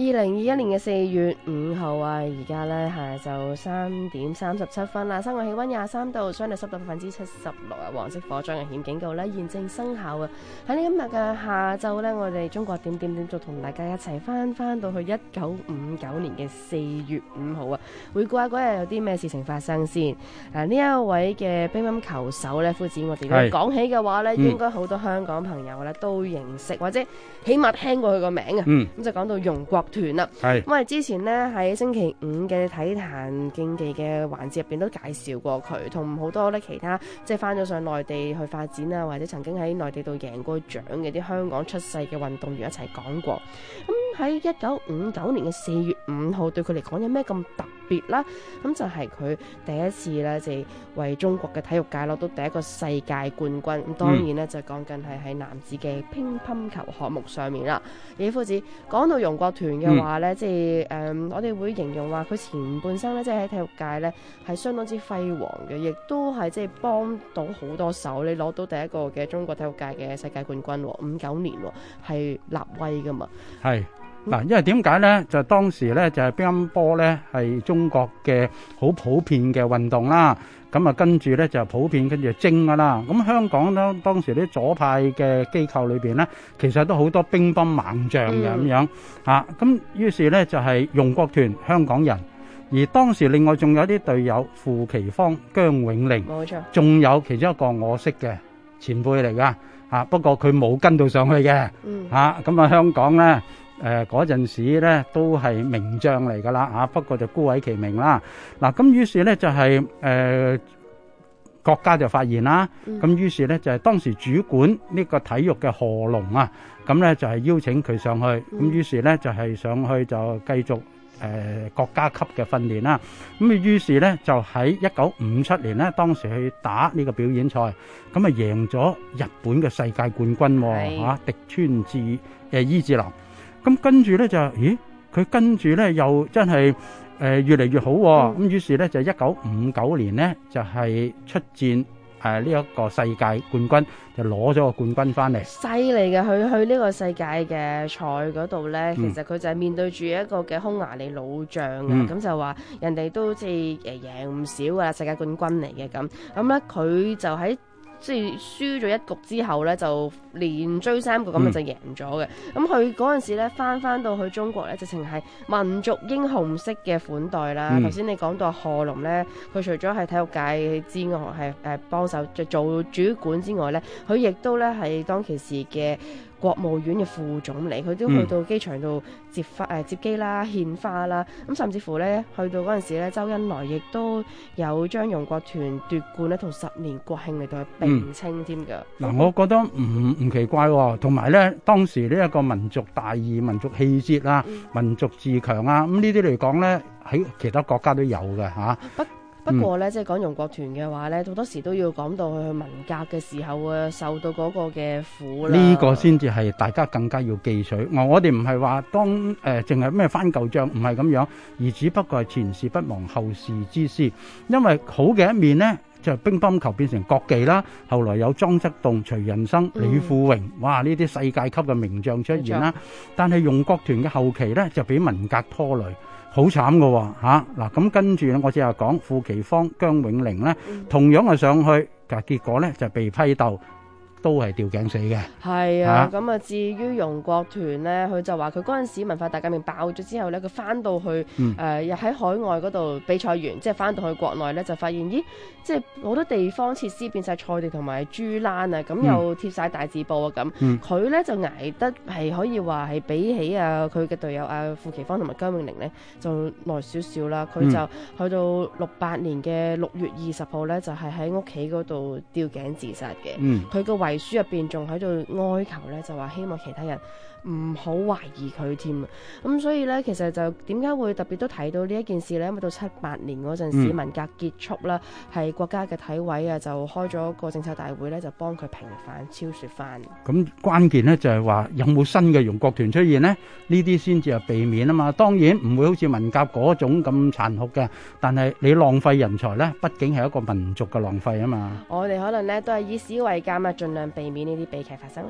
二零二一年嘅四月五號啊，而家呢，下晝三點三十七分啦，室外氣溫廿三度，相對濕度百分之七十六啊，黃色火災危險警告呢，現正生效啊！喺呢今日嘅下晝呢，我哋中國點點點就同大家一齊翻翻到去一九五九年嘅四月五號啊，回顧下嗰日有啲咩事情發生先。嗱、啊，呢一位嘅乒乓球手呢，夫子我哋講起嘅話呢，嗯、應該好多香港朋友呢都認識或者起碼聽過佢個名啊。咁就講到容國。嗯團啦，係因為之前咧喺星期五嘅體壇競技嘅環節入邊都介紹過佢，同好多咧其他即係翻咗上內地去發展啦，或者曾經喺內地度贏過獎嘅啲香港出世嘅運動員一齊講過。咁喺一九五九年嘅四月五號，對佢嚟講有咩咁特別？別啦，咁就係佢第一次咧，即係為中國嘅體育界攞到第一個世界冠軍。咁當然咧，嗯、就講緊係喺男子嘅乒乓球項目上面啦。野夫子講到容國團嘅話咧，即係誒，我哋會形容話佢前半生咧，即係喺體育界咧係相當之輝煌嘅，亦都係即係幫到好多手，你攞到第一個嘅中國體育界嘅世界冠軍喎，五九年喎，係立威㗎嘛。係。嗱，嗯、因為點解咧？就係當時咧，就係乒乓波咧係中國嘅好普遍嘅運動啦。咁、嗯、啊、嗯就是，跟住咧就普遍跟住精噶啦。咁香港咧，嗯嗯、當時啲左派嘅機構裏邊咧，其實都好多乒乓猛將嘅咁樣。啊，咁於是咧就係容國團香港人，而當時另外仲有啲隊友傅其芳、其姜永寧，冇錯錯，仲有其中一個我識嘅前輩嚟噶。啊，不過佢冇跟到上去嘅。嗯。嗯啊，咁、嗯、啊，香港咧。誒嗰陣時咧，都係名將嚟噶啦，嚇、啊！不過就孤偉其名啦。嗱、啊，咁於是咧就係、是、誒、呃、國家就發現啦。咁、嗯、於是咧就係、是、當時主管呢個體育嘅賀龍啊，咁、啊、咧就係、是、邀請佢上去。咁、啊、於是咧就係、是、上去就繼續誒、呃、國家級嘅訓練啦。咁、啊、於是咧就喺一九五七年咧，當時去打呢個表演賽，咁啊贏咗日本嘅世界冠軍嚇、啊，笛是、啊、川智、誒、呃、伊智郎。咁跟住咧就，咦？佢跟住咧又真係，誒越嚟越好。咁於是咧就一九五九年咧就係出戰誒呢一個世界冠軍，就攞咗個冠軍翻嚟。犀利嘅，佢去呢個世界嘅賽嗰度咧，其實佢就係面對住一個嘅匈牙利老將啊。咁就話人哋都好似贏唔少噶啦，世界冠軍嚟嘅咁。咁咧佢就喺。即係輸咗一局之後呢就連追三個咁就贏咗嘅。咁佢嗰陣時咧，翻翻到去中國呢，直情係民族英雄式嘅款待啦。頭先、嗯、你講到賀龍呢，佢除咗係體育界之外，係誒幫手就做主管之外呢，佢亦都呢係當其時嘅國務院嘅副總理，佢都去到機場度接花、誒接機啦、嗯、獻花啦，咁甚至乎呢，去到嗰陣時咧，周恩來亦都有將容國團奪冠呢，同十年國慶嚟到並稱添㗎。嗱、嗯嗯，我覺得唔唔奇怪喎、哦，同埋呢，當時呢一個民族大義、民族氣節啦、啊、嗯、民族自強啊，咁呢啲嚟講呢，喺其他國家都有嘅嚇。啊。不過咧，即係講容國團嘅話咧，好多時都要講到佢去文革嘅時候啊，受到嗰個嘅苦啦。呢個先至係大家更加要記取。我我哋唔係話當誒淨係咩翻舊賬，唔係咁樣，而只不過係前事不忘後事之師。因為好嘅一面咧，就乒乓球變成國技啦。後來有莊則棟、徐寅生、李富榮，哇！呢啲世界級嘅名將出現啦。但係容國團嘅後期咧，就俾文革拖累。好慘嘅吓嗱，咁、啊啊啊、跟住咧，我只係講傅其芳、 姜永寧咧，同樣啊上去，但結果咧就被批鬥。都係吊頸死嘅。係啊，咁啊，嗯、至於容國團咧，佢就話佢陣時文化大革命爆咗之後咧，佢翻到去誒又喺海外嗰度比賽完，嗯、即係翻到去國內咧，就發現咦，即係好多地方設施變晒菜地同埋豬欄啊，咁、嗯嗯、又貼晒大字報啊，咁佢咧就捱得係可以話係比起啊佢嘅隊友啊傅奇芳同埋姜永玲咧，就耐少少啦。佢就去到六八年嘅六月二十號咧，就係喺屋企嗰度吊頸自殺嘅。佢個遺嗯書入邊仲喺度哀求咧，就話希望其他人唔好懷疑佢添。咁所以咧，其實就點解會特別都睇到呢一件事咧？因為到七八年嗰陣時，文革結束啦，係國家嘅體委啊，就開咗個政策大會咧，就幫佢平反，超說翻。咁關鍵咧，就係話有冇新嘅容國團出現咧？呢啲先至係避免啊嘛。當然唔會好似文革嗰種咁殘酷嘅，但係你浪費人才咧，畢竟係一個民族嘅浪費啊嘛。我哋可能咧，都係以史為鑑啊，盡量。避免呢啲悲劇發生。